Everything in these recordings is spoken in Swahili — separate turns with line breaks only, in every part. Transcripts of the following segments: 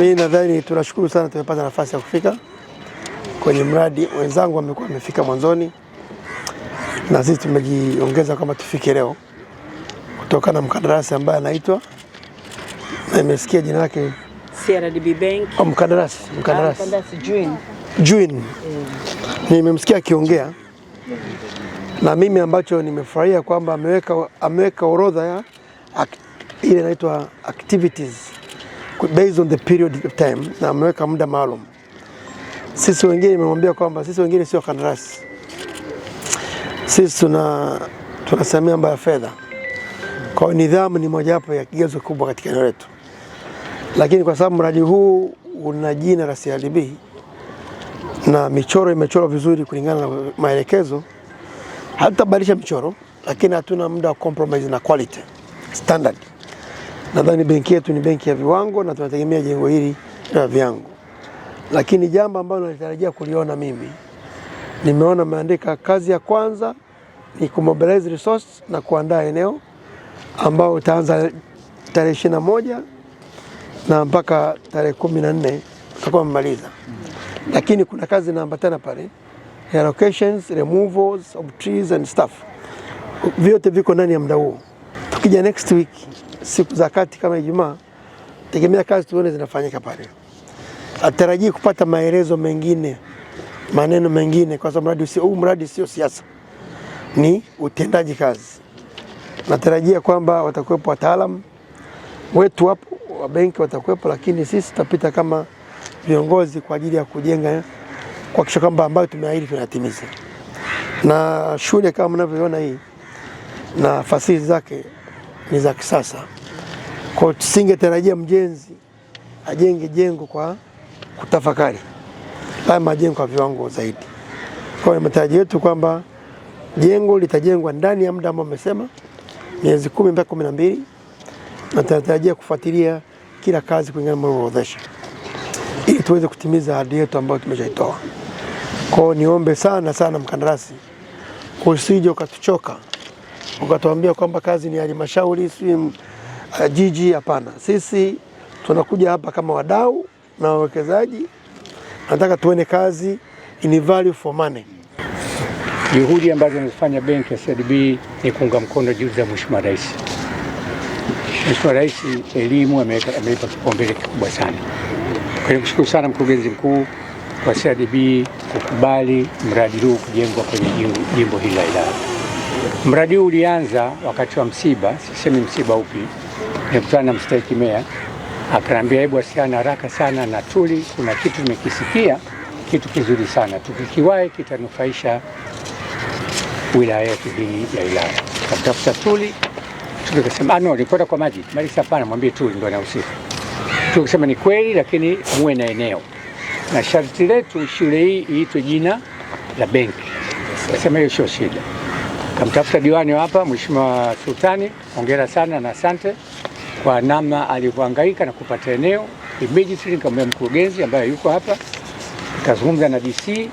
Mimi nadhani tunashukuru sana tumepata nafasi ya kufika kwenye mradi. Wenzangu wamekuwa wamefika mwanzoni na sisi tumejiongeza kama tufike leo kutokana na mkandarasi ambaye anaitwa na imesikia jina lake
CRDB Bank.
Oh, mkandarasi ah, mkandarasi Mm. Nimemsikia akiongea na mimi ambacho nimefurahia kwamba ameweka ameweka orodha ya ile inaitwa activities based on the period of time, na ameweka muda maalum. Sisi wengine nimemwambia kwamba sisi wengine sio kandarasi, sisi tuna tunasimamia mambo ya fedha. Kwa hiyo nidhamu ni mojawapo ya kigezo kubwa katika eneo letu, lakini kwa sababu mradi huu una jina la CRDB na michoro imechorwa vizuri kulingana na maelekezo, hatutabadilisha michoro, lakini hatuna muda wa compromise na quality standard. Nadhani benki yetu ni benki ya viwango na tunategemea jengo hili la viwango, lakini jambo ambalo nalitarajia kuliona mimi, nimeona maandika, kazi ya kwanza ni kumobilize resource na kuandaa eneo ambao utaanza tarehe ishirini na moja na mpaka tarehe kumi na nne tutakuwa mmaliza, lakini kuna kazi inaambatana pale ya locations, removals of trees and stuff, vyote viko ndani ya muda huo. Tukija next week siku za kati kama Ijumaa, tegemea kazi tuone zinafanyika pale. Atarajii kupata maelezo mengine, maneno mengine, kwa sababu huu mradi sio siasa, ni utendaji kazi. Natarajia kwamba watakuwepo wataalamu wetu hapo wa benki watakuwepo, lakini sisi tutapita kama viongozi kwa ajili ya kujenga, kuhakikisha kwamba ambayo tumeahidi tunatimiza. Na shule kama mnavyoona hii na fasili zake ni za kisasa. Kwa tusingetarajia mjenzi ajenge jengo kwa kutafakari, haya majengo kwa viwango zaidi. Kwa hiyo matarajio yetu kwamba jengo litajengwa ndani ya muda ambao amesema miezi kumi mpaka kumi na mbili, na tunatarajia kufuatilia kila kazi kulingana na orodhesha, ili tuweze kutimiza ahadi yetu ambayo tumeshaitoa. Kwa hiyo niombe sana sana mkandarasi, usije ukatuchoka ukatuambia kwamba kazi ni halmashauri si uh, jiji hapana. Sisi tunakuja hapa kama wadau na wawekezaji, nataka tuone kazi in value for money.
Juhudi ambazo anazifanya benki ya CRDB ni kuunga mkono juhudi za Mheshimiwa Rais. Mheshimiwa Rais, elimu ameipa kipaumbele kikubwa sana. Kwa hiyo mshukuru sana mkurugenzi mkuu kwa CRDB kukubali mradi huu kujengwa kwenye jimbo, jimbo hili la Ilala. Mradi huu ulianza wakati wa msiba, sisemi msiba upi, nimekutana na mstahiki meya akaniambia, hebu wasiana haraka sana na tuli kuna kitu nimekisikia, kitu kizuri sana, tukikiwahi kitanufaisha wilaya yetu hii ya Ilala. Tukamtafuta Tuli, tukasema ah, no, nikwenda kwa maji maji, hapana, mwambie Tuli ndo anahusika. Tukasema ni kweli, lakini muwe na eneo na sharti letu shule hii iitwe jina la benki. Kasema hiyo sio shida. Kamtafuta diwani hapa, Mheshimiwa Sultani, hongera sana na asante kwa namna alivyohangaika na kupata eneo immediately, nikamwambia mkurugenzi ambaye yuko hapa, nikazungumza na DC,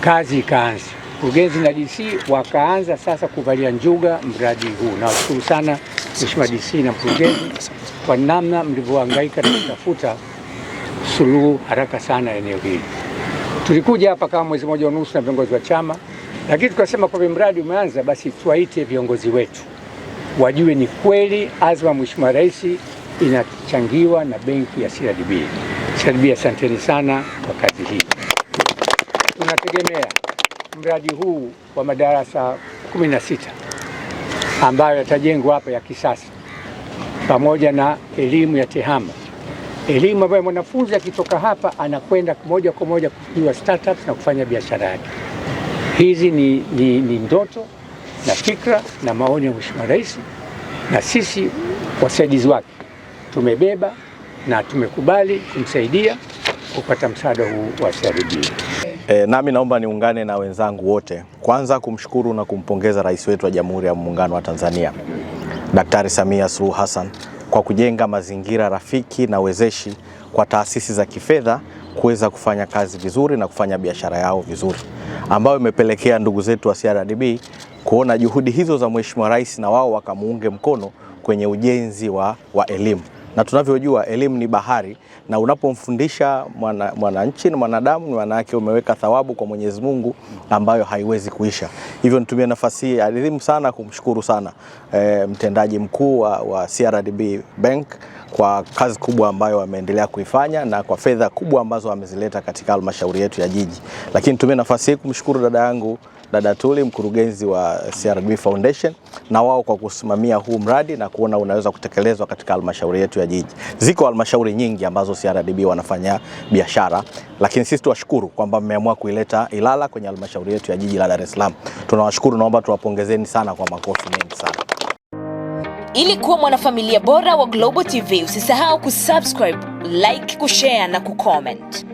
kazi ikaanza. Mkurugenzi na DC wakaanza sasa kuvalia njuga mradi huu. Nawashukuru sana Mheshimiwa DC na mkurugenzi kwa namna mlivyohangaika na kutafuta suluhu haraka sana eneo hili. Tulikuja hapa kama mwezi moja unusu na viongozi wa chama, lakini tukasema kwa mradi umeanza, basi tuwaite viongozi wetu wajue ni kweli azma Mheshimiwa Rais inachangiwa na benki ya CRDB. CRDB, asanteni sana kwa kazi hii. Tunategemea mradi huu wa madarasa 16 ambayo yatajengwa hapa ya kisasa, pamoja na elimu ya tehama, elimu ambayo mwanafunzi akitoka hapa anakwenda moja kwa moja kujua startups na kufanya biashara yake. Hizi ni, ni, ni ndoto na fikra na maoni ya Mheshimiwa Rais, na sisi wasaidizi wake tumebeba na tumekubali kumsaidia kupata msaada huu wa CRDB.
E, eh, nami naomba niungane na wenzangu wote kwanza kumshukuru na kumpongeza Rais wetu wa Jamhuri ya Muungano wa Tanzania Daktari Samia Suluhu Hassan kwa kujenga mazingira rafiki na wezeshi kwa taasisi za kifedha kuweza kufanya kazi vizuri na kufanya biashara yao vizuri, ambayo imepelekea ndugu zetu wa CRDB kuona juhudi hizo za Mheshimiwa Rais na wao wakamuunge mkono kwenye ujenzi wa, wa elimu na tunavyojua elimu ni bahari, na unapomfundisha mwananchi mwana na mwanadamu, ni yake umeweka thawabu kwa Mwenyezi Mungu ambayo haiwezi kuisha. Hivyo nitumie nafasi hii adhimu sana kumshukuru sana e, mtendaji mkuu wa, wa CRDB Bank kwa kazi kubwa ambayo wameendelea kuifanya na kwa fedha kubwa ambazo wamezileta katika halmashauri yetu ya jiji. Lakini nitumie nafasi hii kumshukuru dada yangu dada Tuli, mkurugenzi wa CRDB Foundation, na wao kwa kusimamia huu mradi na kuona unaweza kutekelezwa katika halmashauri yetu ya jiji. Ziko halmashauri nyingi ambazo CRDB wanafanya biashara, lakini sisi tuwashukuru kwamba mmeamua kuileta Ilala kwenye halmashauri yetu ya jiji la Dar es Salaam. Tunawashukuru, naomba tuwapongezeni sana kwa makofi mengi sana. Ili kuwa mwanafamilia bora wa Global TV, usisahau kusubscribe, like, kushare na kucomment.